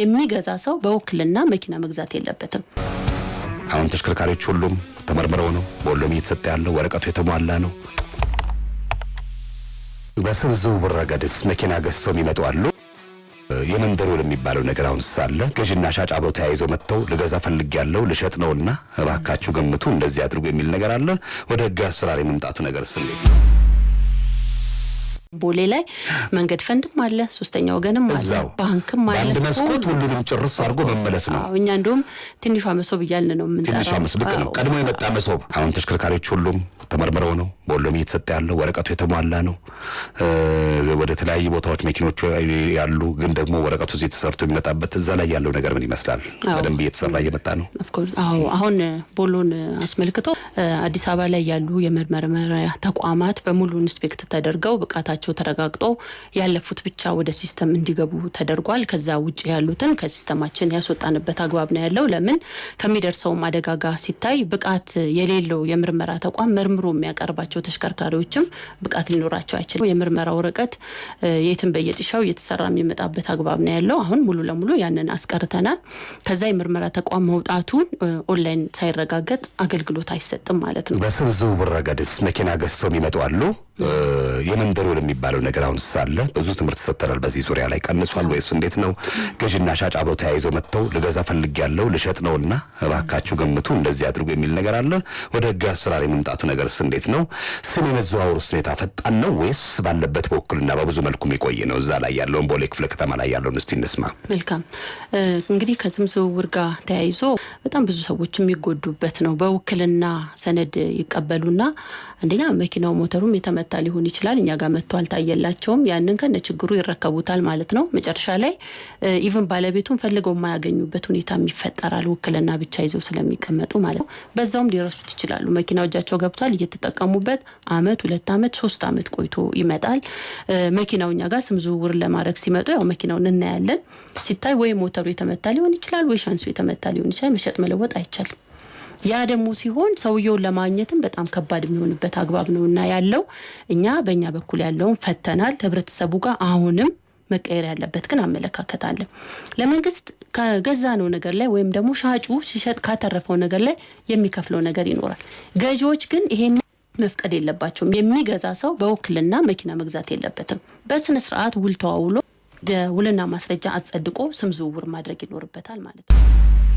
የሚገዛ ሰው በውክልና መኪና መግዛት የለበትም። አሁን ተሽከርካሪዎች ሁሉም ተመርምረው ነው በሁሉም እየተሰጠ ያለው ወረቀቱ የተሟላ ነው። በስብዝቡ ብር ረገድስ መኪና ገዝተው የሚመጡ አሉ። የመንደሩ የሚባለው ነገር አሁን ሳለ ገዥና ሻጭ አብረው ተያይዘው መጥተው ልገዛ ያለው ልሸጥ ነውና እባካችሁ ገምቱ፣ እንደዚህ አድርጉ የሚል ነገር አለ። ወደ ህግ አሰራር የመምጣቱ ነገር ስሌት ነው። ቦሌ ላይ መንገድ ፈንድም አለ፣ ሶስተኛ ወገንም አለ፣ ባንክም አለ። አንድ መስኮት ሁሉንም ጭርስ አድርጎ መመለስ ነው። እኛ እንዲሁም ትንሿ መሶብ እያልን ነው የምንጠራው። ልክ ነው፣ ቀድሞ የመጣ መሶብ። አሁን ተሽከርካሪዎች ሁሉም ተመርምረው ነው በሁሉም እየተሰጠ ያለው፣ ወረቀቱ የተሟላ ነው። ወደ ተለያዩ ቦታዎች መኪኖቹ ያሉ፣ ግን ደግሞ ወረቀቱ እዚህ ተሰርቶ የሚመጣበት እዛ ላይ ያለው ነገር ምን ይመስላል? በደንብ እየተሰራ እየመጣ ነው። አሁን ቦሎን አስመልክቶ አዲስ አበባ ላይ ያሉ የመርመርመሪያ ተቋማት በሙሉ ኢንስፔክት ተደርገው ብቃታቸው መኖራቸው ተረጋግጦ ያለፉት ብቻ ወደ ሲስተም እንዲገቡ ተደርጓል። ከዛ ውጭ ያሉትን ከሲስተማችን ያስወጣንበት አግባብ ነው ያለው። ለምን ከሚደርሰውም አደጋ ጋር ሲታይ ብቃት የሌለው የምርመራ ተቋም መርምሮ የሚያቀርባቸው ተሽከርካሪዎችም ብቃት ሊኖራቸው አይችልም። የምርመራ ወረቀት የትን በየጥሻው እየተሰራ የሚመጣበት አግባብ ነው ያለው። አሁን ሙሉ ለሙሉ ያንን አስቀርተናል። ከዛ የምርመራ ተቋም መውጣቱን ኦንላይን ሳይረጋገጥ አገልግሎት አይሰጥም ማለት ነው። በስብዙ ብረገድስ መኪና ገዝቶ የሚመጡ አሉ። የመንደር የሚባለው ነገር አሁን ሳለ ብዙ ትምህርት ሰጥተናል። በዚህ ዙሪያ ላይ ቀንሷል ወይስ እንዴት ነው? ገዥና ሻጭ አብሮ ተያይዘው መጥተው ልገዛ ያለው ልሸጥ ነውና እባካችሁ ገምቱ፣ እንደዚህ አድርጉ የሚል ነገር አለ። ወደ ህግ አሰራር የመምጣቱ ነገርስ እንዴት ነው? ስም የመዘዋወሩ ሁኔታ ፈጣን ነው ወይስ ባለበት በወክልና በብዙ መልኩ የሚቆይ ነው? እዛ ላይ ያለውን ቦሌ ክፍለ ከተማ ላይ ያለውን እስቲ እንስማ። መልካም እንግዲህ ከስም ዝውውር ጋር ተያይዞ በጣም ብዙ ሰዎች የሚጎዱበት ነው። በውክልና ሰነድ ይቀበሉና አንደኛ መኪናው ሞተሩም የተመ መታ ሊሆን ይችላል። እኛ ጋር መጥቶ አልታየላቸውም። ያንን ከነ ችግሩ ይረከቡታል ማለት ነው። መጨረሻ ላይ ኢቭን ባለቤቱን ፈልገው የማያገኙበት ሁኔታም ይፈጠራል። ውክልና ብቻ ይዘው ስለሚቀመጡ ማለት ነው። በዛውም ሊረሱት ይችላሉ። መኪናው እጃቸው ገብቷል። እየተጠቀሙበት አመት፣ ሁለት አመት፣ ሶስት አመት ቆይቶ ይመጣል። መኪናው እኛ ጋር ስም ዝውውር ለማድረግ ሲመጡ ያው መኪናውን እናያለን። ሲታይ ወይ ሞተሩ የተመታ ሊሆን ይችላል፣ ወይ ሻንሱ የተመታ ሊሆን ይችላል። መሸጥ መለወጥ አይቻልም። ያ ደግሞ ሲሆን ሰውየውን ለማግኘትም በጣም ከባድ የሚሆንበት አግባብ ነው እና ያለው እኛ በእኛ በኩል ያለውን ፈተናል። ህብረተሰቡ ጋር አሁንም መቀየር ያለበት ግን አመለካከት አለ። ለመንግስት ከገዛ ነው ነገር ላይ ወይም ደግሞ ሻጩ ሲሸጥ ካተረፈው ነገር ላይ የሚከፍለው ነገር ይኖራል። ገዢዎች ግን ይሄን መፍቀድ የለባቸውም። የሚገዛ ሰው በውክልና መኪና መግዛት የለበትም። በስነ ስርዓት ውል ተዋውሎ ውልና ማስረጃ አጸድቆ ስም ዝውውር ማድረግ ይኖርበታል ማለት ነው።